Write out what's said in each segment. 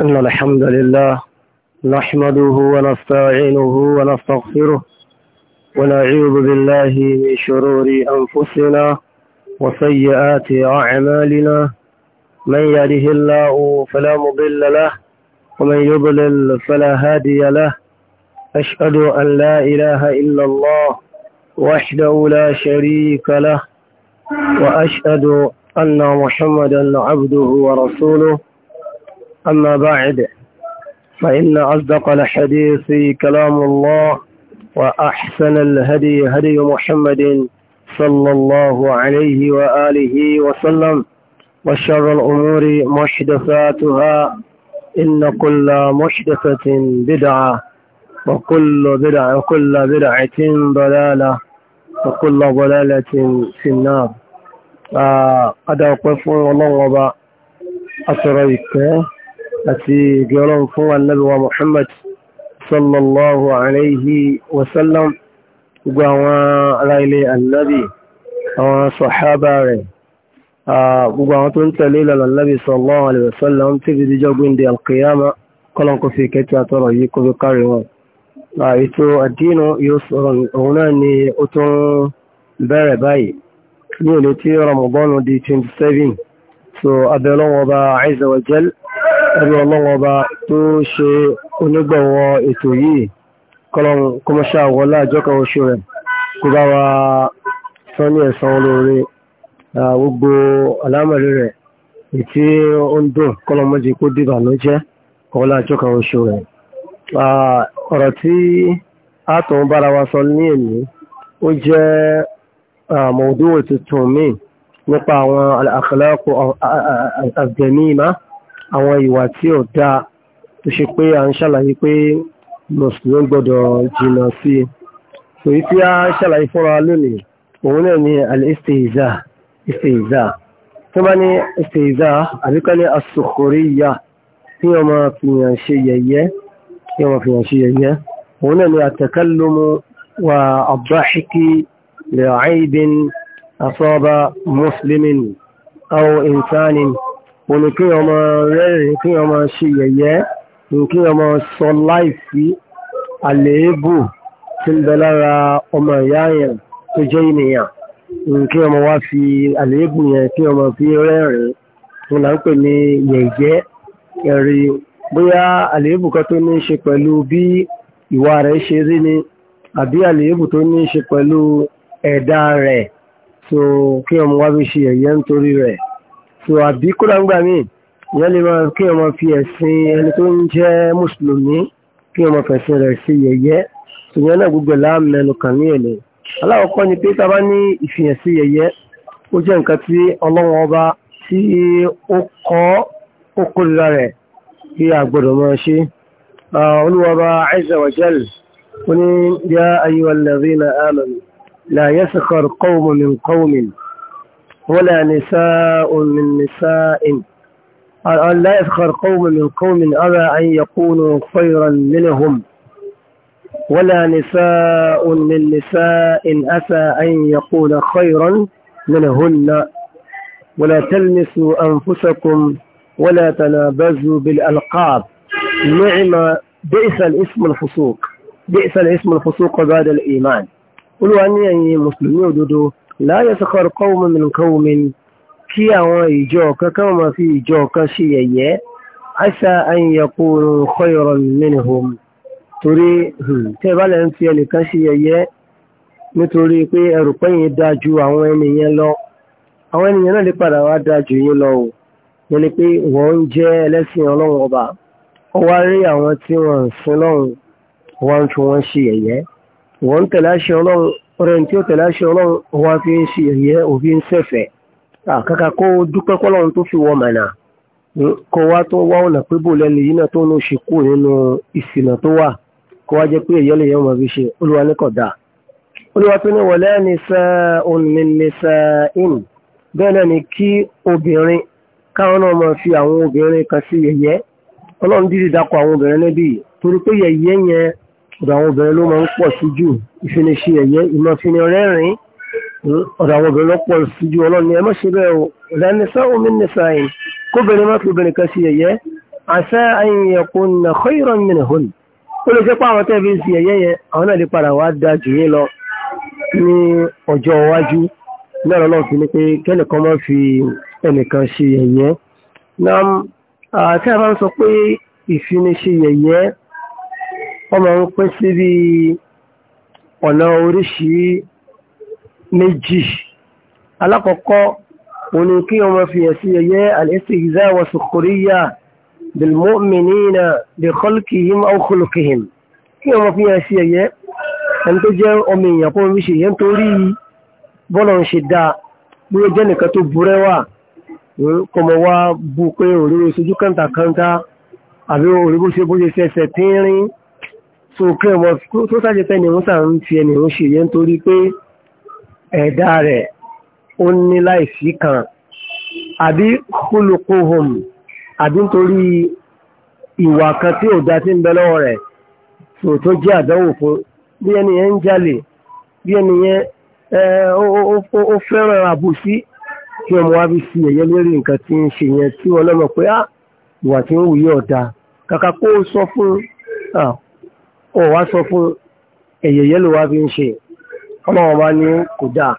إن الحمد لله نحمده ونستعينه ونستغفره ونعوذ بالله من شرور أنفسنا وسيئات أعمالنا من يده الله فلا مضل له ومن يضلل فلا هادي له أشهد أن لا إله إلا الله وحده لا شريك له وأشهد أن محمدا عبده ورسوله أما بعد فإن أصدق الحديث كلام الله وأحسن الهدي هدي محمد صلى الله عليه وآله وسلم وشر الأمور محدثاتها إن كل محدثة بدعة وكل بدعة وكل بدعة ضلالة وكل ضلالة في النار آه، أدعو قفوا الله وبا أتريك àti ìgbé ọlọ́run fún ànábì wa Muhammad sallallahu alayhi wa sallam gbogbo àwọn ará ilé ànábì àwọn sọ̀hábà rẹ̀ gbogbo àwọn tó ń tẹ̀lé ìlànà ànábì sallallahu alayhi wa sallam tí fi díjọ́ gbéǹde alkiyama kọ́lọ́n kò fi kẹ́tì àtọ́rọ̀ yìí kó fi kárí wọn. ètò àdínú yóò sọ̀rọ̀ òun náà ni ó tún bẹ̀rẹ̀ báyìí ní òní tí Ramadan di twenty so abẹ́lọ́wọ́ bá Azza wa Jal ẹ̀rọ ọlọ́wọ́ ọba tó ṣe onígbọ̀wọ́ ètò yìí kọ́lọ́n kọmọṣẹ́ àwọlá àjọkọ̀ oṣù rẹ̀ kó bá wa sọ ní ẹ̀san olóore gbogbo alámọ̀lẹ́ rẹ̀ ètí ó ń dùn kọ́lọ́n mọ́jì kó dìbà ló jẹ́ ọ̀wọ́lá àjọkọ̀ oṣù rẹ̀. ọ̀rọ̀ tí a tó ń bára wa sọ ní èmi ó jẹ́ mọ̀ọ́dúnwò tuntun míì nípa àwọn al-akhlaq al-jamima àwọn ìwà tí ò dáa tó ṣe pé à ń ṣàlàyé pé mùsùlùmí gbọ́dọ̀ jìnnà sí i èyí tí a ṣàlàyé fúnra lónìí òun náà ni al-istihza istihza tó bá ní istihza àbíkọ́ ní as-sukhuriyya tí wọ́n máa fi ṣe yẹ̀yẹ́ tí wọ́n máa fi ṣe yẹ̀yẹ́ òun náà ni at-takallumu wa ad-dhahiki li'aybin asaba muslimin òun ni kí ọmọ rẹ́rìn kí ọmọ ṣe yẹ̀yẹ́ kí ọmọ sọ láìsí àléébù tí ń bẹ lára ọmọ ìyá yẹn tó jẹ́ ènìyàn kí ọmọ wá fi àléébù yẹn kí ọmọ fi rẹ́rìn òun là ń pè ní yẹ̀yẹ́ ẹ̀rí bóyá àléébù kan tó ní í ṣe pẹ̀lú bí ìwà rẹ̀ ṣe rí ni àbí àléébù tó ní í ṣe pẹ̀lú ẹ̀dá rẹ̀ so kí ọmọ wá fi ṣe yẹ̀yẹ́ nítorí rẹ̀ so àbí kó lágbà míì ìyá lè máa kí ọmọ fi ẹ̀sìn ẹni tó ń jẹ́ mùsùlùmí kí ọmọ fẹ̀sìn rẹ̀ sí yẹ̀yẹ́ ṣùgbọ́n náà gbogbo láàmẹ́nu kàn ní èlé aláwọ̀kọ́ ni pé tábá ní ìfihàn sí yẹ̀yẹ́ ó jẹ́ nǹkan tí ọlọ́wọ́n ọba tí ó kọ́ ó kórira rẹ̀ kí a gbọ́dọ̀ máa ṣe olúwọba azza wa ó ní yá ayyuhal ladhina amanu la yaskhar qawmun min qawmin ولا نساء من نساء أن لا يفخر قوم من قوم أبى أن يكونوا خيرا منهم ولا نساء من نساء أسى أن يكون خيرا منهن ولا تلمسوا أنفسكم ولا تنابزوا بالألقاب نعم بئس الاسم الفسوق بئس الاسم الفسوق بعد الإيمان قلوا أني أي مسلمين ودودوا la yaskhar qawmun min qawmin kí àwọn ìjọ kan káwọn máa fi ìjọ kan ṣe yẹ̀yẹ́ asa an yakunu khayran minhum torí hmm, tẹ́ bá lẹ́ ń fi ẹnìkan ṣe yẹ̀yẹ́ nítorí pé ẹrù pẹ́yìn dáa ju àwọn ènìyàn lọ àwọn ènìyàn náà lè padà wá dáa ju yín lọ o wọ́n ní pé wọ́n ń jẹ́ ẹlẹ́sìn ọlọ́run ọba ó wá rí àwọn tí wọ́n ń sin lọ́run wọ́n ń tún wọ́n ṣe yẹ̀yẹ́ wọ́n ń tẹ̀lé àṣẹ ọlọ́run ọ̀rẹ́ tí ó tẹ̀lé aṣọ ọlọ́run wá fi ń ṣe ẹ̀yẹ òfin ń ṣẹ̀fẹ̀ àkàkà kó dúpẹ́ kọ́lọ́run fi wọ mànà hmm, kó wá tó wá ọ̀nà pé bò lẹ́nu yìí náà tó ń ṣe kú nínú ìsìnà tó wà kó wá jẹ́ pé ẹ̀yẹ́ lè ọmọ fi ṣe olúwa ní olúwa tó ní wọlé bẹ́ẹ̀ náà ni kí obìnrin káwọn náà máa fi àwọn obìnrin kan sí ẹ̀yẹ ọlọ́run dídì dákọ̀ àwọn obìnrin níbí torí pé ẹ̀yẹ ọ̀dọ̀ àwọn obìnrin ló máa ń pọ̀ sí jù ìfini ṣe ẹ̀yẹ ìmọ̀ fini rẹ́rìn ọ̀dọ̀ àwọn obìnrin ló pọ̀ sí jù ọlọ́ni ẹ má ṣe bẹ́ẹ̀ o ọ̀dà nìṣá omi nìṣá yìí kóbìnrin má fi obìnrin kan ṣe ẹ̀yẹ àṣẹ àyìnyẹ̀kọ́ nà khayran minhun ó lè jẹ́ pé àwọn tẹ́ẹ̀bí ń ṣe ẹ̀yẹ yẹn àwọn náà lè padà wá da jù yín lọ ní ọjọ́ iwájú náà lọ́nà wọ́n máa ń pín sí bí ọ̀nà oríṣi méjì alákọ̀ọ́kọ́ òun ni kí wọ́n fi ẹ̀sí ẹ̀yẹ al-istihza wa sukhriya bilmu'minina bi khalqihim aw khuluqihim kí wọ́n fi ẹ̀sí ẹ̀yẹ ẹni tó jẹ́ ọmọ èèyàn kó fi ṣe yẹn torí bọ́lá ń ṣe dáa bí ó jẹ́ nìkan tó burẹ́ wà hmm, kò mọ̀ wá bu pé òróró sojú kàńtàkàńtà àbí òróró ṣe bó ṣe ṣẹṣẹ tínrín so kí ọmọ tó sáàjẹ pé ni wọ́n sà ń fi ẹni òun ṣèyẹ nítorí pé ẹ̀dá rẹ̀ ó ní láìsí kan àbí kúlùkùhùn àbí nítorí ìwà kan tí ò dá sí ń bẹ lọ́wọ́ rẹ̀ so tó jẹ́ àdánwò fún bí ẹni yẹn ń jalè bí ẹni yẹn ó fẹ́ràn àbòsí kí ọmọ wa fi sí ẹ̀yẹ lórí nǹkan tí ń ṣe yẹn tí wọn lọ́mọ pé ah, ìwà tí ń wù yí ọ̀dà kàkà kó sọ fún ah, ó wá sọ fún ẹ̀yẹ̀yẹ́ ló wá fi ń ṣe ọlọ́wọ́ bá ní kò dáa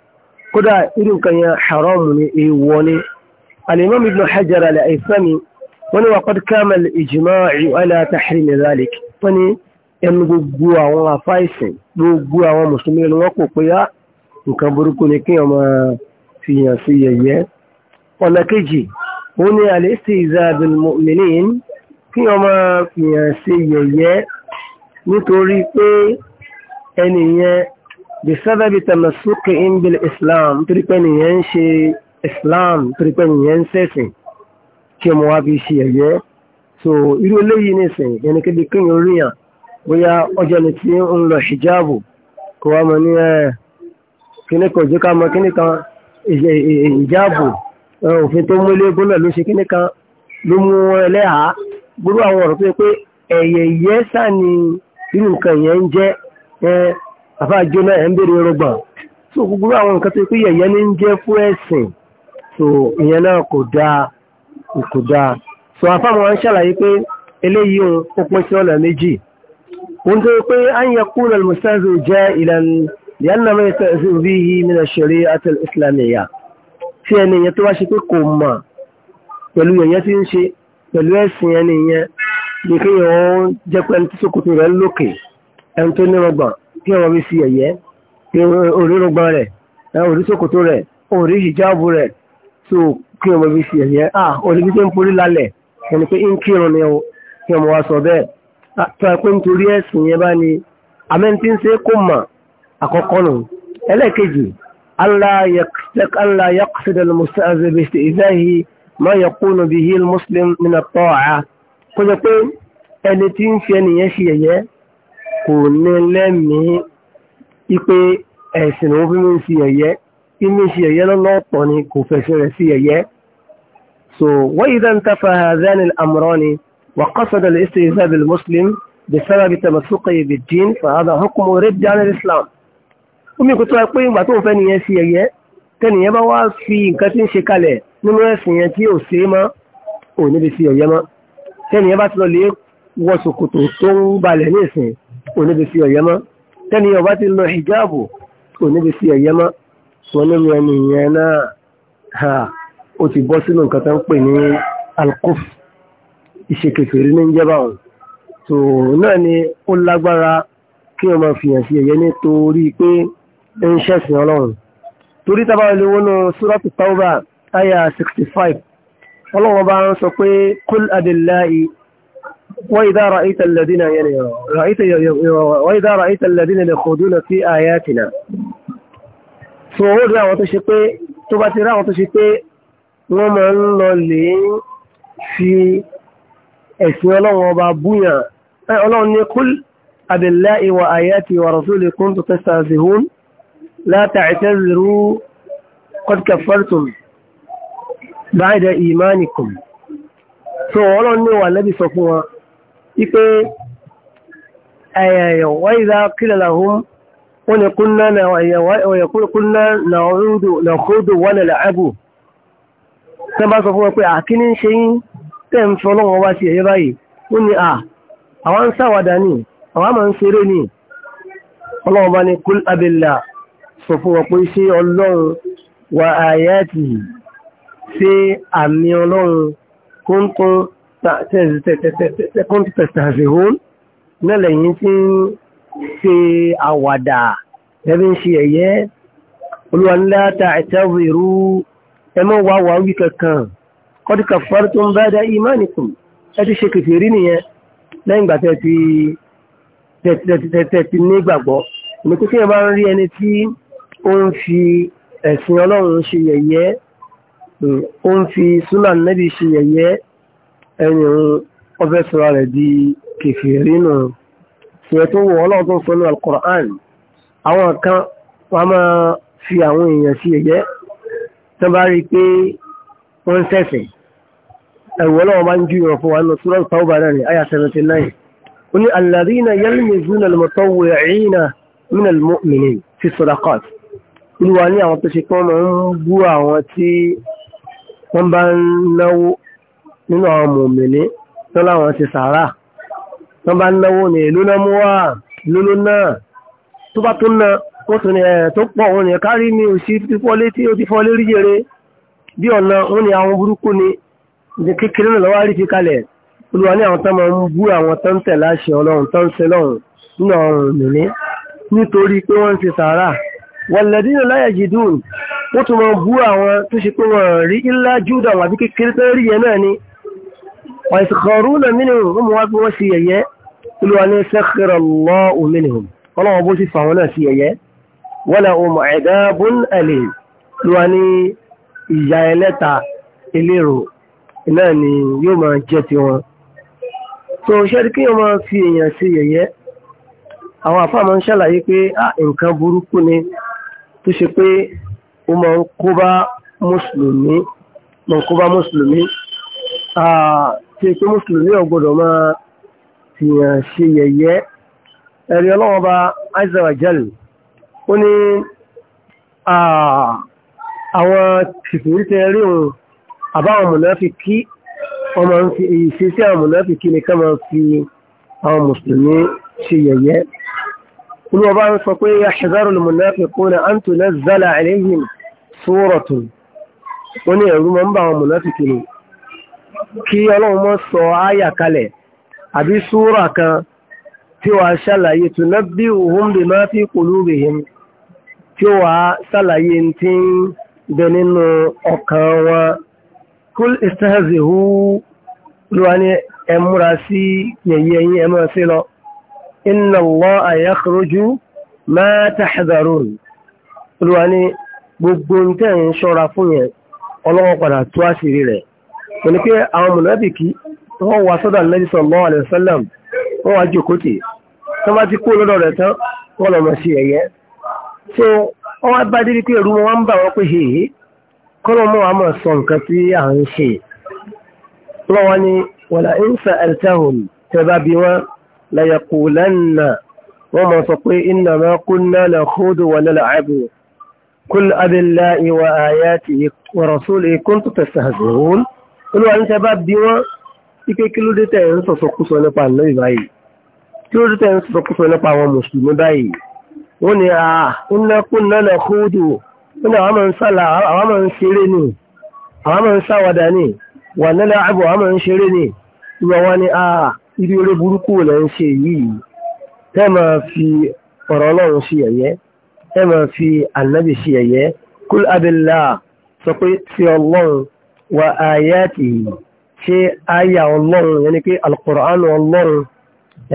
kódà irú nǹkan yẹn haram ni èèwọ̀ ni al-imam ibn hajar al-haythami wọ́n ní waqad kama al-ijma'u ala tahrimi dhalik wọ́n ní ẹnu gbogbo àwọn afáìsìn gbogbo àwọn mùsùlùmí ni wọ́n kò pé á nǹkan burúkú ni kí ọmọ fìyàn sí yẹ̀yẹ́ ọ̀nà kejì òun ni al-istihza bil mu'minin kí ọmọ fìyàn sí yẹ̀yẹ́ nítorí pé ẹni yẹn bí sábàbí tàmásùkè ń bil islam nítorí pé ẹni yẹn ń ṣe islam nítorí pé ẹni ń ṣẹ̀sìn kí ọmọ wa fi ṣe ẹ̀yẹ so irú eléyìí nìsín ẹni kébi kéèyàn orí yàn bóyá ọjọ́ ni tí ń lọ hijabu kò wá mọ ní ẹ kíní kan ojú ká mọ kíní kan hijabu òfin tó mú ilé gbóná ló ṣe kíní kan ló mú ẹlẹ́hàá gbogbo àwọn ọ̀rọ̀ tó pé ẹ̀yẹ̀yẹ́ sá ni irú nǹkan yẹn ń jẹ́ ẹ bàbá jóná ẹ̀ ń béèrè rọgbà tó gbogbo àwọn nǹkan tó pé yẹ̀yẹ́ ní ń jẹ́ fún ẹ̀sìn tó ìyẹn náà kò dáa kò dáa tó àfàmù wa ń ṣàlàyé pé eléyìí ó pín sí ọ̀nà méjì ohun tó pé àyẹ̀kú nàlùmọ́sáàzù jẹ́ ìlànà لأن ما يتأذن به من الشريعة الإسلامية tí ẹni yẹn tó wá ṣe pé kò mọ̀ pẹ̀lú èèyàn tí ń ṣe pẹ̀lú ẹ̀sìn ẹni yẹn ní kí wọ́n jẹ́ pé ẹni tí ṣòkòtò rẹ̀ lókè ẹni tó ní rọgbọ̀n kí wọ́n fi sí ẹ̀yẹ́ orí rọgbọ̀n rẹ̀ orí ṣòkòtò rẹ̀ orí hijabu rẹ̀ tó kí wọ́n fi sí ẹ̀yẹ́ à olùbí tó ń porí lálẹ̀ ẹni pé ń kírun ni kí wọ́n wá sọ bẹ́ẹ̀ tó ẹ pé nítorí ẹ̀sìn yẹn bá ní àmẹ́ni ń ṣe kó mà àkọ́kọ́ nù ẹlẹ́ẹ̀kejì ألا يقصد ألا يقصد المستأذن باستئذائه kó jẹ pé ẹni tí ń fi ẹnìyẹn ṣe yẹ̀yẹ́ kò ní lẹ́mìí ipe ẹ̀sìn òun fi mí ń fi yẹ̀yẹ́ fi mí ń ṣe yẹ̀yẹ́ lọ́lọ́pọ̀ ni kò fẹ̀sẹ̀ rẹ̀ sí yẹ̀yẹ́ so wọ́n yìí dáńtà fa hazan al-amrani wa qasada al-istihza' bil-muslim بسبب تمسكه بالدين فهذا حكم رد عن الإسلام omi kò tó ẹ pé ìgbà tó ń fẹ́ nìyẹn sí ẹyẹ tẹnìyẹn bá wá fi nǹkan tí ń ṣe kalẹ̀ nínú ẹ̀sìn yẹn tí ò ṣe é mọ́ ò níbi sí ẹyẹ mọ́ tẹ́ni yẹn bá ti lọ lè wọ ṣòkòtò tó ń balẹ̀ ní ìsìn oníbi fi ọ̀yẹ́ mọ́ tẹ́ni yẹn bá ti lọ hijabu oníbi fi ọ̀yẹ́ mọ́ wọn ní mi ẹni yẹn náà ó ti bọ́ sínú nǹkan tó ń pè ní alkuf ìṣekèfèrè ní jẹ́ báwọn tó náà ni ó lágbára kí wọ́n máa fìyàn sí ẹ̀yẹ́ nítorí pé ń ṣẹ̀sìn ọlọ́run torí tábà lè wọnú Suratu Tawbah àyà 65 ọlọ́wọ́ bá ń sọ pé kúl adìláì وإذا رأيت الذين يعني رأيت وإذا رأيت الذين يخوضون في آياتنا sòwòrán àwọn tó ṣe pé tó bá ti rá àwọn tó ṣe pé wọ́n máa ń lọ lè fi ẹ̀sìn ọlọ́run ọba búyàn ọlọ́run ní kúl abillahi wa ayati wa rasuli kuntum tastahzihun la ta'taziru qad kaffartum báyìí ìmánìkùn so ọlọ́run ní wà lẹ́bí sọ fún wọn wípé ẹ̀yẹ̀yẹ̀ wáyé dá kílẹ̀ làhún wọ́n ni kúnná nàkúrúdù wọ́n ni làábù tí wọ́n bá sọ fún wọn pé àkíní ń ṣe yín tẹ́ ń fọ́ lọ́wọ́ wá sí ẹ̀yẹ báyìí wọ́n ni à ọlọ́run bá ní kúl abẹ́là sọ fún wọn pé ọlọ́run wà áyàtì yìí sí àmì ọlọ́run kóńtún tẹ̀sítẹ̀síhún nílẹ̀ yìí tí ń ṣe àwàdà ẹbí ń ṣe ẹ̀yẹ́ olùwànláta ìtẹ́wìrú ẹmọ́ wà wà wí kankan kọ́díkà fọ́rí tó ń bá dá ìmánìkùn ẹ ti ṣe kèfèrí nìyẹn lẹ́yìn ìgbà tẹ̀tí nígbàgbọ́ ìmọ̀kútí ẹ̀ bá ń rí ẹni tí ó ń fi ẹ̀sìn ọlọ́run ṣe yẹ̀yẹ́ ó ń fi súnà nẹ́bí ṣe yẹ̀yẹ́ ẹni òun ọfẹ́ sọ́ra rẹ̀ di kèfèrí nù ṣìyẹ́ tó wọ ọlọ́run tó ń sọ ní alukur'an àwọn kan wọ́n máa fi àwọn èèyàn ṣe yẹ̀yẹ́ tó bá rí i pé wọ́n ń ṣẹ̀ṣẹ̀ ẹ̀wọ̀ náà máa ń ju ìrọ̀ fún wa nínú sura Tawba náà ní àyà seventy ó ní alladhina yalmizuna al-mutawwi'ina mina al-mu'minin fi sadaqat olúwa ní àwọn tó ṣe pé wọ́n ń bú àwọn tí wọ́n bá ń náwó nínú àwọn mòmìnì tó láwọn ti sàárà tó bá ń náwó ní ìlú náà mú wá lóló náà tó bá tó ná ó tún ní ẹ̀ tó pọ̀ òun ní kárí ní òsì fífọ́ létí ó ti fọ́ lérí yẹrẹ bí ọ̀nà òun ní àwọn burúkú ni ní kékeré náà lọ́wọ́ rí fi kalẹ̀ olùwà ní àwọn tó máa ń bú àwọn tó ń tẹ̀lé àṣẹ ọlọ́run tó ń ṣe lọ́run nínú ọ̀run nìní nítorí pé wọ́n ń sàárà wọ̀lẹ́dínlẹ́yà jìdùn wọ́n tún mọ bú àwọn tó ṣe pé wọ́n rí ńlá júdà wàbí kékeré tó rí yẹn náà ni wọ́n ti kọ̀ọ̀rú náà mínú wọ́n mú wá pé wọ́n ṣe yẹ̀yẹ́ olúwa ní sẹ́kẹ̀rẹ̀ lọ́ ọlọ́wọ́ bó sì fà wọn náà sí yẹ̀yẹ́ wọ́n lẹ́ ohun ẹ̀dá bún ẹ̀lẹ́ olúwa ní ìyá ẹlẹ́ta elérò náà ni yóò máa jẹ́ ti wọn tó ṣẹ́rí kí wọ́n máa fi èèyàn sí yẹ̀yẹ́ àwọn àfáà máa ń ṣàlàyé pé ah, nǹkan burúkú ni tó ṣe pé ó máa ń kó bá mùsùlùmí máa ń kó bá mùsùlùmí tí pé mùsùlùmí ò gbọ́dọ̀ máa fìyàn ṣe yẹ̀yẹ́ ẹ̀rí ọlọ́wọ́ bá azza wa jal ó ní àwọn kìfìrí tẹ rí òun àbáwọn mùnáfíkí ọmọ ìṣesí àwọn mùnáfíkí nìkan máa fi àwọn mùsùlùmí ṣe yẹ̀yẹ́ olùwọ́ bá ń sọ pé yahzaru al-munafiquna an tunazzala alayhim sóòrọ̀tún wọ́n ní ẹ̀rú máa ń bá àwọn mùnáfìkì ni kí ọlọ́run mọ́ sọ áyà kalẹ̀ àbí súrà kan tí wàá ṣàlàyé tunabbi'uhum bima fi qulubihim tí wàá ṣàlàyé tí ń bẹ nínú ọkàn wọn kul istahzi'u lọ́wọ́ ní ẹ múra sí yẹ̀yẹ́ yín ẹ máa sí lọ inna Allaha yakhruju ma tahdharun lọ́wọ́ ní gbogbo ń tẹ́ ṣọ́ra fún yẹn ọlọ́wọ́ padà tú àṣírí rẹ̀ kò ní pé àwọn mùnáfìkì wọ́n wá sọ́dọ̀ Ànábì sallallahu alaihi wọ́n wá jòkótì tó bá so wọ́n wá bá débi pé ẹ̀rù wọn ń bà wọ́n pé hèhè kọ́lọ́ mọ́ wa mọ̀ sọ nǹkan tí à ń ṣe lọ́wọ́ ni wala bá bí قل أب الله وآياته ورسوله كنتم تستهزئون olúwa ń sábà bí wọ́n ike kí ló dé tẹ̀ ń sọ̀sọ̀kúsọ nípa ànábì báyìí kí ló dé tẹ̀ ń sọ̀sọ̀kúsọ nípa àwọn mùsùlùmí báyìí wọ́n ní à ń lẹ́kún lọ́nà kúndù wọ́n ní àwọn máa ń sálà àwọn máa ń ṣeré ni àwọn máa ń sáwàdà ni wà nílẹ̀ àbọ̀ àwọn máa ń ṣeré ni ìwà wọn ni à ibi eré burúkú lẹ́ ń ṣe yìí tẹ́ máa fi ọ̀rọ̀ ọlọ́run ṣe yẹ̀yẹ́ ẹ máa fi ànábì ṣe ẹ̀yẹ kúl abilá sọ pé ti ọlọ́run wa ayati ṣe àyà ọlọ́run yẹn ni pé alukur'anu ọlọ́run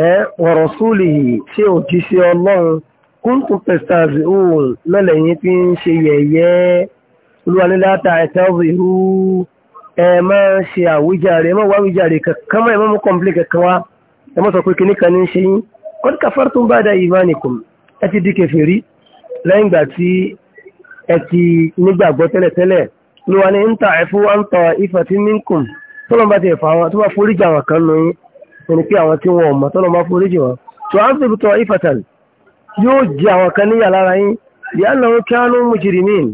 ẹ wa rasulihi ṣe òjíṣẹ́ ọlọ́run kúntùn pẹ̀sítàzì òun mẹ́lẹ̀yìn fi ń ṣe yẹ̀yẹ́ olúwaléláta ẹ̀tẹ́ọ̀bì irú ẹ máa ń ṣe àwíjàre ẹ máa wá àwíjàre kankan máa ẹ máa mú kọ́m̀plé kankan wá ẹ máa sọ pé kíní ní ṣe yín kọ́dí kàfàrà bá dá ìmánìkùn ẹ ti di kẹfẹ́ rí lẹ́yìn ìgbà tí ẹ ti nígbàgbọ́ tẹ́lẹ̀tẹ́lẹ̀ ló wà ní níta ẹ̀fọ́ wa ń tọ ìfàtí minkum tọ́lọ́ bá ti ẹ̀fọ́ àwọn tó bá foríjì àwọn kan lóyún ẹni pé àwọn tí wọn ò mọ̀ tọ́lọ́ bá foríjì wọn tó à ń fi tọ ìfàtàn yóò jẹ àwọn kan níyà lára yín bí àná wọn kí ánú mujrimin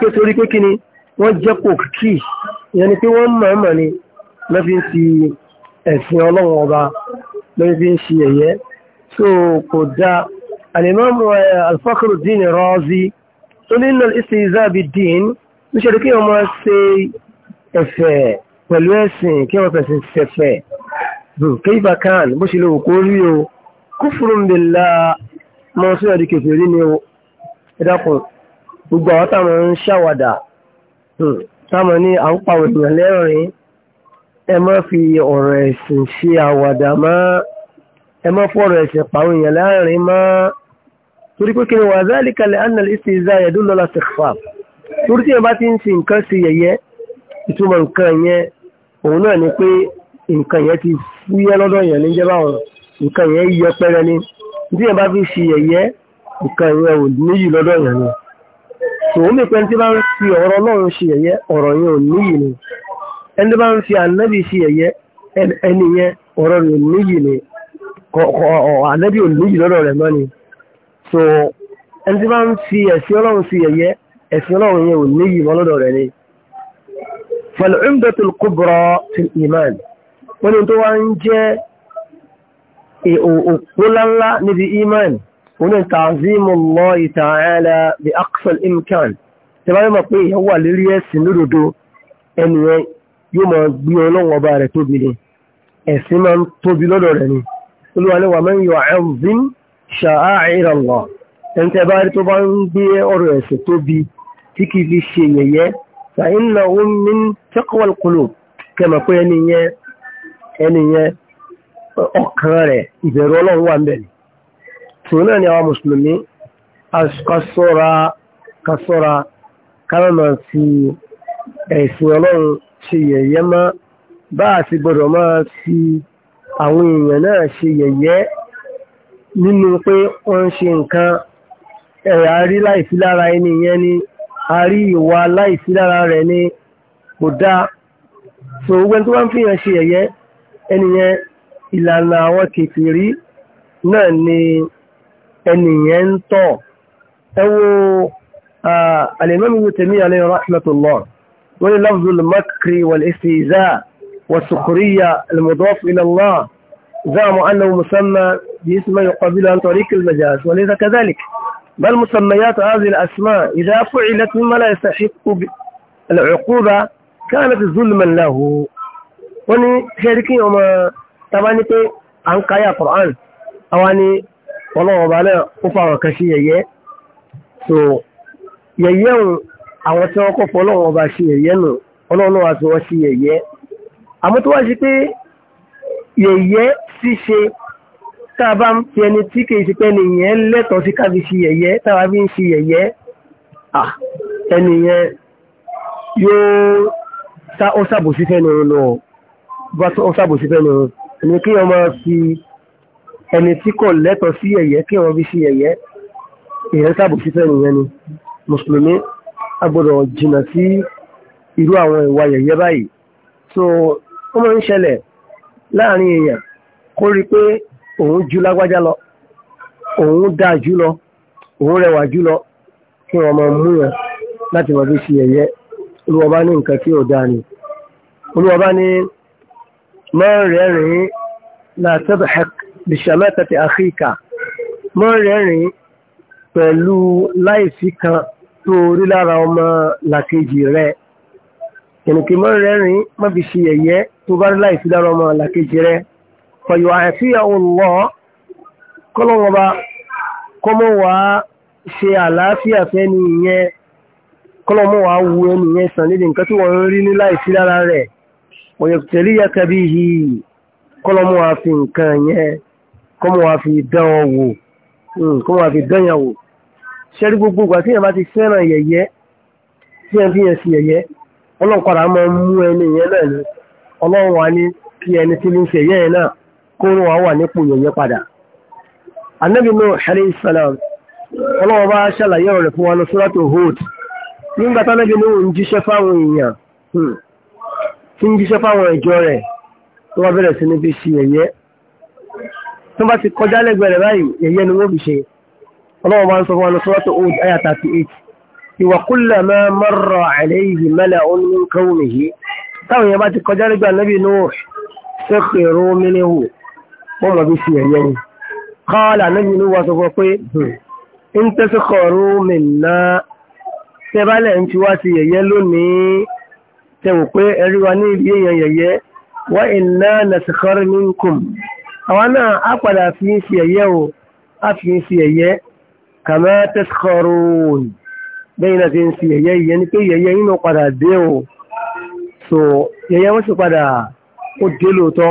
pé torí pé kíni wọ́n jẹ́ kò kí ìyẹn ni pé wọ́n mọ̀ọ́mọ̀ ni lọ́ ń fi ẹ̀sìn ọlọ́run ọba lọ́ ń ṣe ẹ̀yẹ so kò dáa الإمام الفخر الدين الرازي قل إن الاستهزاء بالدين مش كي وما سي إفاء والواسن كي وما سي كيف كان مش لو قوليو كفر بالله ما سوى دي كفرين ìdákun gbogbo àwọn táwọn ń ṣàwàdà táwọn ní à ń pa ènìyàn lẹ́rìn ẹ má fi ọ̀rọ̀ ẹ̀sìn ṣe àwàdà mọ́ ẹ má fọ̀rọ̀ pàwọn èèyàn lẹ́rìn mọ́ torí pé kí ni wà zálika li anna al-istihza yadullu ala istikhfaf torí tí yẹn bá ti ń fi nǹkan sí yẹ̀yẹ́ ìtumọ̀ nǹkan yẹn òun náà ni pé nǹkan yẹn ti fúyẹ́ lọ́dọ̀ yẹn ní jẹ́ báwọn nǹkan yẹn yẹ pẹ́rẹ́ ni tí yẹn bá fi ṣe yẹ̀yẹ́ nǹkan yẹn ò níyì lọ́dọ̀ yẹn ni tòun mi pẹ́ tí bá ń fi ọ̀rọ̀ Ọlọ́run ṣe yẹ̀yẹ́ ọ̀rọ̀ yẹn ò níyì ni ẹni bá ń fi ànábì ṣe yẹ̀yẹ́ ẹni yẹn ọ̀rọ̀ yẹn ò níyì ni ànábì ò níyì lọ́dọ̀ rẹ̀ mọ́ ni so ẹni tí bá ń fi ẹ̀sìn ọlọ́run sí ẹ̀yẹ ẹ̀sìn ọlọ́run yẹn ò níyì mọ́ lọ́dọ̀ rẹ̀ ni فالعمدة الكبرى في الإيمان wọ́n tó wá ń jẹ́ òpólánlá níbi iman wọ́n tààzímù lọ ìtààlà bí aksal imkan tí wọ́n mọ̀ pé ìyẹn wà lórí ẹ̀sìn lódodo ẹnìyẹn yóò mọ̀ gbé ọlọ́wọ́ bá rẹ̀ tóbi ni ẹ̀sìn máa ń tóbi lọ́dọ̀ rẹ̀ ni olúwa ni wà mẹ́yìn ọ̀ẹ́rùn shaa a iran tẹ́ bá rí tó bá ń gbé ọ̀rọ̀ ẹ̀sìn tóbi tí kì í fi ṣe min taqwal kẹmọ̀ pé ẹni yẹn ẹni yẹn ọkàn rẹ̀ ìbẹ̀rù ọlọ́run wà náà ni àwọn mùsùlùmí kasọ́ra kasọ́ra ti ẹ̀sìn ọlọ́run ṣe bá a ti gbọ́dọ̀ máa fi àwọn nínú pé wọ́n ń ṣe nǹkan ẹ̀rà rí láìsí lára ẹni yẹn ni a rí ìwà láìsí lára rẹ̀ ni kò dáa so ogun tó bá ń fihàn ṣe ẹ̀yẹ ẹni yẹn ìlànà àwọn kèfèrí náà ni ẹni yẹn ń tọ̀ ẹ wo alimami wo tèmi alayhi rahmatullah wọ́n ní lafzul makri wal istihza wa sukuriya al mudaf ila Allah zaamu annahu musamma باسم يقابل عن طريق المجاز وليس كذلك بل مسميات هذه الأسماء إذا فعلت مما لا يستحق العقوبة كانت ظلما له وني شاركين وما تباني تي عن قيا قرآن أواني والله وبالا أفا وكشي يي سو ييون àwọn tí wọ́n kọ́ fọ́ ọlọ́run ọba ṣe yẹ̀yẹ́ nù ọlọ́run wa fi wọ́n ṣe yẹ̀yẹ́ àmọ́ tó tá a bá ń fi ẹni tí kìí ṣe pé nìyẹn lẹ́tọ̀ọ́ sí ká fi ṣe yẹ̀yẹ́ tá a fi ń ṣe yẹ̀yẹ́ ẹnìyẹn yóò sá ó ṣàbòsí fẹ́ni òun lọ bá ó ṣàbòsí fẹ́ni òun ẹni kí wọ́n máa fi ẹni tí kò lẹ́tọ̀ọ́ sí yẹ̀yẹ́ kí wọ́n fi ṣe yẹ̀yẹ́ èèyàn ṣàbòsí fẹ́ni yẹn ni mùsùlùmí a gbọ́dọ̀ jìnnà sí irú àwọn ìwà yẹ̀yẹ́ báyìí so ó máa ń ṣẹlẹ̀ láàrin èèyàn kó rí pé òun ju lágbájá lọ òun dáa jù lọ òun rẹwà jù lọ kí wọn máa mú yẹn láti wọn fi ṣe ẹ̀yẹ olúwa bá ní nǹkan tí ò dáa ni olúwa bá ní máa rẹ́rìn-ín la tabhak pẹ̀lú láìsí kan tó rí lára ọmọ làkejì rẹ kìnnìkì máa rẹ́rìn ẹ̀yẹ tó bá rí láìsí lára ọmọ làkejì rẹ. فيعافيه الله kọ́lọ́ wọn bá kọ́mọ́ wá ṣe àlàáfíà fẹ́ni ìyẹn kọ́lọ́ mọ́ wá wu ẹni yẹn sàn nídìí nǹkan tí wọ́n ń rí ní láìsí lára rẹ̀ ọ̀yọ̀ tẹ̀lé yẹ kẹbí yìí kọ́lọ́ mọ́ wá fi nǹkan yẹn kọ́mọ́ fi dán wọn wò hmm, kọ́mọ́ fi dán yẹn wò ṣẹ́rí gbogbo ìgbà tí yẹn bá ti fẹ́ràn yẹ̀yẹ́ tí yẹn fi yẹn sí yẹ̀yẹ́ ọlọ́run kóró wa wà nípò yẹ̀yẹ́ padà. Anábì Nuh alayhi salam ọlọ́wọ́ bá ṣàlàyé ọ̀rẹ́ fún wa ní Suratu Hud. Nígbà tánábì Nuh ń jíṣẹ́ fáwọn èèyàn hmm, tí ń jíṣẹ́ fáwọn ìjọ rẹ̀ tó wá bẹ̀rẹ̀ sí ní fi ṣe yẹ̀yẹ́. Tó bá ti kọjá lẹ́gbẹ̀ẹ́ rẹ̀ báyìí yẹ̀yẹ́ ni wọ́n fi ṣe. Ọlọ́wọ́ bá ń sọ fún wa ní Suratu Hud ayà 38. Wa kullama marra alayhi mala'un min wọ́n mọ̀ bí ṣe ẹ̀yẹ́ ni kọ́ọ̀lá náà nínú wa sọ fún pé ń tẹ́sí kọ̀ọ̀rù mi náà tẹ́ bá lẹ̀ ń fi wá sí ẹ̀yẹ́ lónìí tẹ́ wò pé ẹ̀rí wa ní ibi èèyàn yẹ̀yẹ́ wa inna nasikharu minkum àwọn náà á padà fi ń ṣe ẹ̀yẹ́ o á fi ń ṣe ẹ̀yẹ́ kàmá tẹ́sí kọ̀ọ̀rù bẹ́yìn náà ti ń ṣe ẹ̀yẹ́ ìyẹn ni pé yẹ̀yẹ́ yín padà dé o so yẹ̀yẹ́ wọ́n sì padà ó dé lóòótọ́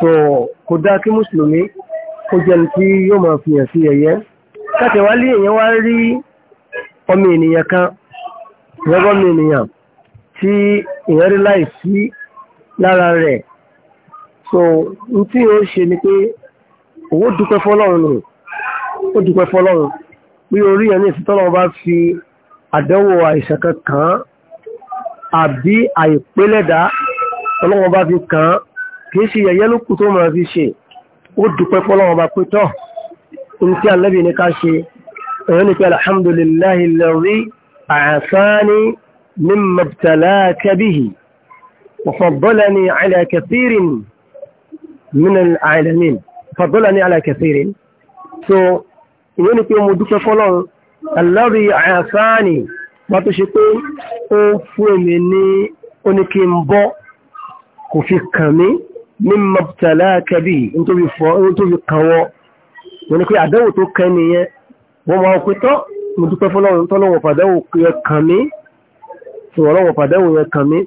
so kò dá kí mùsùlùmí kó jẹun tí yóò máa fi hàn sí ẹ̀yẹ́ kátẹ̀wálé èèyàn wá rí ọmọ ènìyàn kan rẹ́gbọ́n mi ènìyàn tí èèyàn rí láì sí lára rẹ̀ so n tí yóò ṣe ni pé owó dúpẹ́ fọlọ́run nù ó dúpẹ́ fọlọ́run pé orí ẹni ìsìtọ́lọ́run bá fi àdánwò àìsàn kan kàn án àbí àìpélẹ́dá ọlọ́run bá fi kàn án kìí ṣe yẹ̀yẹ́ ló kù tó mọ̀ fi ṣe ó dúpẹ́ fọ́lọ́wọ́ bá pé tọ́ ohun tí alẹ́bí ní ká ṣe ẹ̀yọ́ ní pé alhamdulillahi alladhi a'afani mimma ibtalaka bihi wa faddalani ala kathirin min al-alamin faddalani so ìyẹn ni pé mo dúpẹ́ fọ́lọ́wọ́ alladhi a'afani bá tó ṣe pé ó fún èmi ní oníkè ń bọ́ kò fi kàn mí mímọ̀ tẹ̀lé kẹbí nítorí kanwọ́ wọn ni pé àdánwò tó kẹ́ nìyẹn wọ́n máa pẹ́ tọ́ mo dúpẹ́ fọlọ́run tọ́lọ́wọ̀ pàdánwò yẹn kàn mí tọ́lọ́wọ̀ pàdánwò yẹn kàn mí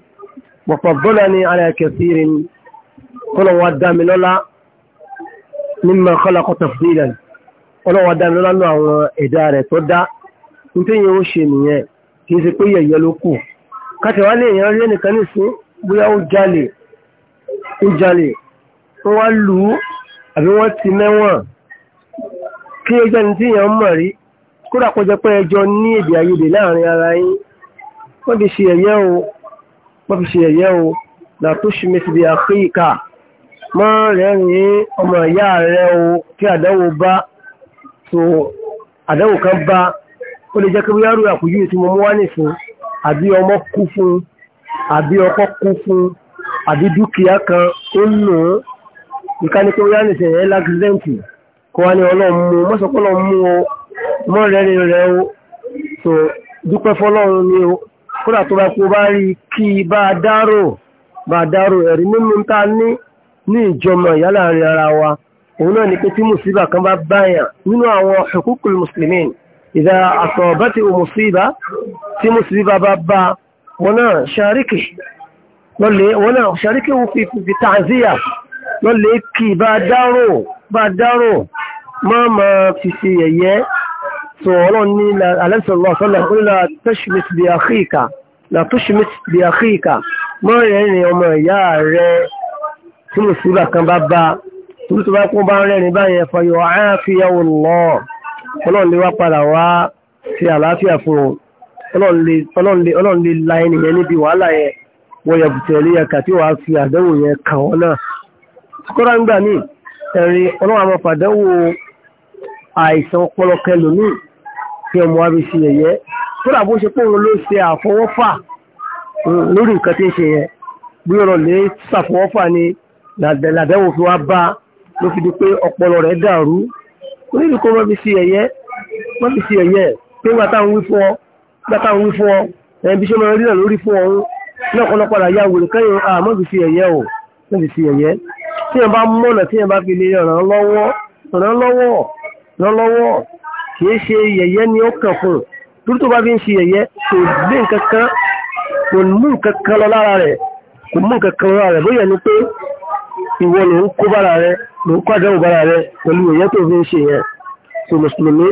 pọ̀pọ̀ bọ́lá ni ara kẹfì rẹ̀ ni kọ́lọ́wọ́ dá mi lọ́lá mímọ̀ kọ́lá kọ́tà fìdílẹ̀ ọlọ́wọ́ dá mi lọ́lá ó jalè wọ́n wá lù ú àbí wọ́n ti mẹ́wọ̀n kí ẹjọ́ ni tí èèyàn mọ̀ rí kódà kó jẹ́ pé ẹjọ́ ní èdè àìyedè láàrin ara yín wọ́n fi ṣe ẹ̀yẹ́ o wọ́n fi ṣe ẹ̀yẹ́ o làtúnṣe mi ti àfíríkà mọ́ rẹ́rìn-ín ọmọ ìyá rẹ o kí àdáwò bá so àdáwò kan bá ó lè jẹ́ kí bóyá rú àpòjú tí mo mú àbí ọmọ kú fún àbí ọkọ kú fún àbí dúkìá kan ó nù ú ìkànnì pé wíyá nìṣẹ́ yẹn lágídẹ́ǹtì kó wá ní ọlọ́run mú mọ́sọ̀kọ́ lọ́run mú o mọ́ rẹ́rìn rẹ̀ o tó dúpẹ́ fọlọ́run ni o kódà tó bá kó bá rí kí bá a dárò bá a dárò ẹ̀rí nínú tá ní ní ìjọmọ ìyá láàrin ara wa òun náà ni pé tí mùsíbà kan bá báyàn nínú àwọn hukukul muslimin ìdá àtọ̀bẹ́tì òmùsíbà tí mùsíbà bá bá wọn náà ṣàríkì lọ́lẹ̀ wọn náà ṣaríkí wọ́n fi fi tààzíyà lọ́lẹ̀ kì bá dárò bá dárò máa ma fi ṣe yẹ̀yẹ́ tó ọlọ́n ní alẹ́sọ̀lọ́sọ́lọ́ onílà tashmit bí àkíkà la tashmit bí àkíkà mọ́ rẹ̀rìn ọmọ ìyá rẹ̀ tí mo sì bá kan bá bá torí tó bá kún bá rẹ̀rìn báyẹn fọyọ̀ àáfíà Allah ọlọ́run lè wá wọ́n yẹ bùtẹ̀lé ẹ̀ka tí wàá fi àdánwò yẹn kàn wọ́n náà. kọ́ra ń gbà mí ẹ̀rin ọlọ́run àwọn fàdánwò àìsàn ọpọlọ kẹlòmíì tí ọmọ wa fi ṣe yẹ̀yẹ́ kódà bó ṣe pé òun ló ṣe àfọwọ́fà lórí nǹkan tí ń ṣe yẹn bí ọ̀rọ̀ lè ṣàfọwọ́fà ni làdánwò fi wá bá ló fi di pé ọpọlọ rẹ̀ dàrú oníbi kó wọ́n fi ṣe yẹ̀yẹ́ wọ́n fi ṣe yẹ̀yẹ́ pé ńgbà táwọn wí fún ọ ẹ̀ bí ṣe máa rí náà lórí fún ọ̀hún náà kọ́ lọ́pàá ya wèrè kẹ́yìn àmọ́ ah, fi fi ẹ̀yẹ́ o náà fi fi ẹ̀yẹ́ tí yẹn bá mọ̀nà tí yẹn bá fi lè ràn lọ́wọ́ ràn lọ́wọ́ ràn lọ́wọ́ kì í ṣe yẹ̀yẹ́ ni ó kàn fún un torí tó bá fi ń ṣe yẹ̀yẹ́ kò gbé nǹkan kan kò mú nǹkan kan lọ lára rẹ̀ kò mú nǹkan kan lọ lára rẹ̀ bóyá ni pé ìwọ ló ń kó bára rẹ̀ ló ń kó àdáwò bára rẹ̀ pẹ̀lú yẹ̀yẹ́ tó fi ń ṣe yẹn tó mùsùlùmí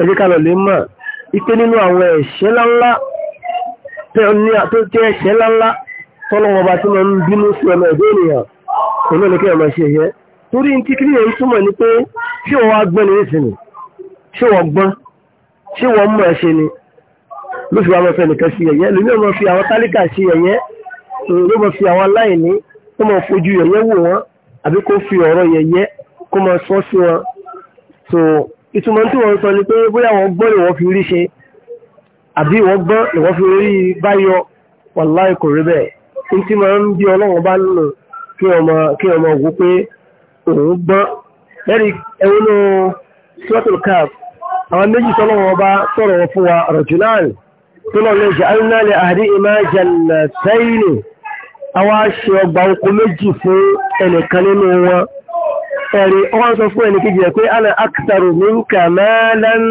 ẹ̀jẹ̀ lè mọ̀ ipe nínú àwọn ẹ̀ṣẹ̀ ńláńlá tó jẹ́ ẹ̀ṣẹ̀ ńláńlá tọ́lọ́wọ́ bá tí wọ́n ń bínú sí ọmọ ẹ̀dẹ́ ènìyàn pẹ̀lú ẹ̀lẹ́kẹ́ ọmọ ṣe yẹ torí ní kíkiri èyí túmọ̀ ní pé ṣé wọ́n gbọ́n ní ìsinmi ṣé wọ́n gbọ́n ṣé wọ́n mọ̀ ẹ̀ṣẹ̀ ni ló fi àwọn ọ̀fẹ́ nìkan sí ẹ̀yẹ lómi ọmọ fi àwọn tálíkà sí ẹ̀yẹ ló mọ̀ fi àwọn aláìní tó mọ̀ fojú ẹ̀yẹ wò wọ́n àbí kó fi ọ̀rọ̀ yẹyẹ kó mọ̀ sọ sí wọn so ìtumọ̀ tí wọ́n sọ ni pé bóyá wọ́n gbọ́n ni àbí ìwọ́n gbọ́n ìwọ́n fi rí báyọ̀ wàláì kò rí bẹ́ẹ̀ ní tí máa ń bí ọlọ́run bá nù kí ọmọ kí ọmọ wò pé òun gbọ́n lẹ́rìí ẹ̀wọ́n ní sọ́tò cap àwọn méjì tọ́lọ́wọ́ bá sọ̀rọ̀ wọn fún wa rọ̀jùláàlì tó lọ lè jẹ́ alínàlẹ̀ àrí ìmá jẹ̀lẹ̀ sẹ́yìnì àwọn aṣọ ọgbà oko méjì fún ẹnìkan nínú wọn ẹ̀rí wọ́n sọ fún ẹnì kejì rẹ̀ pé ana akitaru minka malan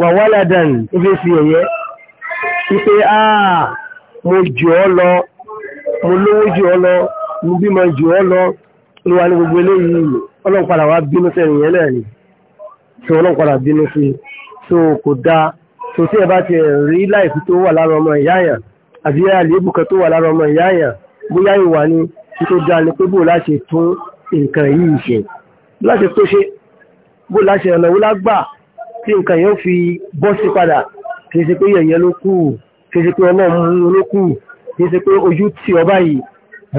wa waladan ó fi ẹ̀yẹ́ wípé àà ah, mo jù ọ́ lọ mo lówó jù ọ́ lọ mo bímọ jù ọ́ lọ ló wà ní gbogbo eléyìí ọlọ́run padà bínú sẹ́yìn yẹn náà ni tí ọlọ́run padà bínú sí so kò dáa so tí ẹ bá ti rí láìsí tó wà lára ọmọ ìyá yẹn àbí àléébù kan tó wà lára ọmọ ìyá yẹn bóyá ìwà ni tí tó dáa ni pé bó láti tún nǹkan yìí ṣe láti tó ṣe bó láti ọ̀nà wó lágbà tí nǹkan yóò fi bọ́ sí padà kì í ṣe pé yẹ̀yẹ́ ló kù kì í ṣe pé ọlọ́run ló kù kì í ṣe pé ojú tì ọ báyìí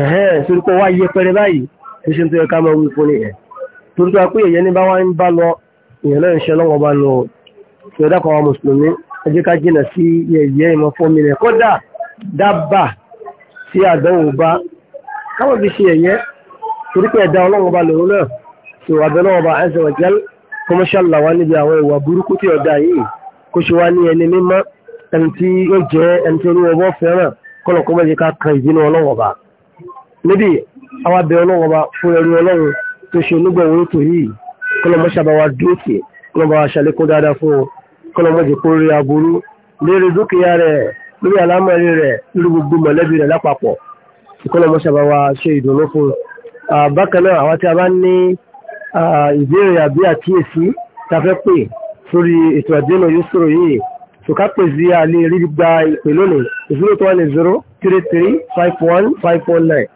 ẹ̀hẹ́n sórí kó wá yẹpẹrẹ báyìí kì í ṣe nítorí ká máa wí fún ni ẹ̀ torí tó wá pé yẹ̀yẹ́ ní bá wá ń bá lọ èèyàn náà ń ṣe lọ́wọ́ bá lọ ìyọ̀dá kan wa mùsùlùmí ẹ jẹ́ ká jìnà sí yẹ̀yẹ́ ìmọ̀ fọ́mi rẹ̀ kódà dábà tí àdánwò bá káwọn fi ṣe yẹ̀yẹ́ torí pé ẹ̀dá ọlọ́run bá lòun náà tó àbẹ̀ náà bá ẹ̀sẹ̀ wọ̀jẹ́ kọmọ́ṣálà wá níbi àwọn ìwà burúkú tí ọ̀dà yìí kó ṣe wá ní ẹni mímọ́ ẹni tí ó jẹ́ ẹni tí olúwa ọbọ̀ fẹ́ràn kọ́nà kó mọ̀jẹ́ ká kan ìbínú ọlọ́wọ̀n níbi àwa bẹ fún ẹrú ọlọ́run tó ṣe onígbọ̀wọ́ ètò yìí kọ́nà mọ́ṣá bá wa dúkìá kọ́nà bá wa ṣàlékún dáadáa fún ọ kọ́nà mọ́jẹ́ kó rí aburú lérí dúkìá rẹ̀ lórí àlámọ̀rí rẹ̀ lórí gbogbo mọ̀lẹ́bí rẹ̀ lápapọ̀ kọ́nà wa ṣe ìdùnnú fún bákan náà àwa tí a bá ní ìbéèrè àbí àkíyèsí ta fẹ́ pè sórí ètò àdénà yóò sọ̀rọ̀ yìí ṣùkà pè sí àlè rí gba ìpè lónìí zero two one zero three three five one five one nine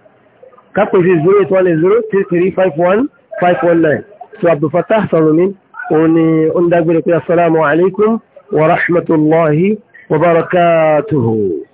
ká pè sí zero eight one zero three three five one five one nine so Abdulfatah Salumi òun ni ó ń dágbére pé asalaamualeykum wa rahmatulahi wa barakatuhu.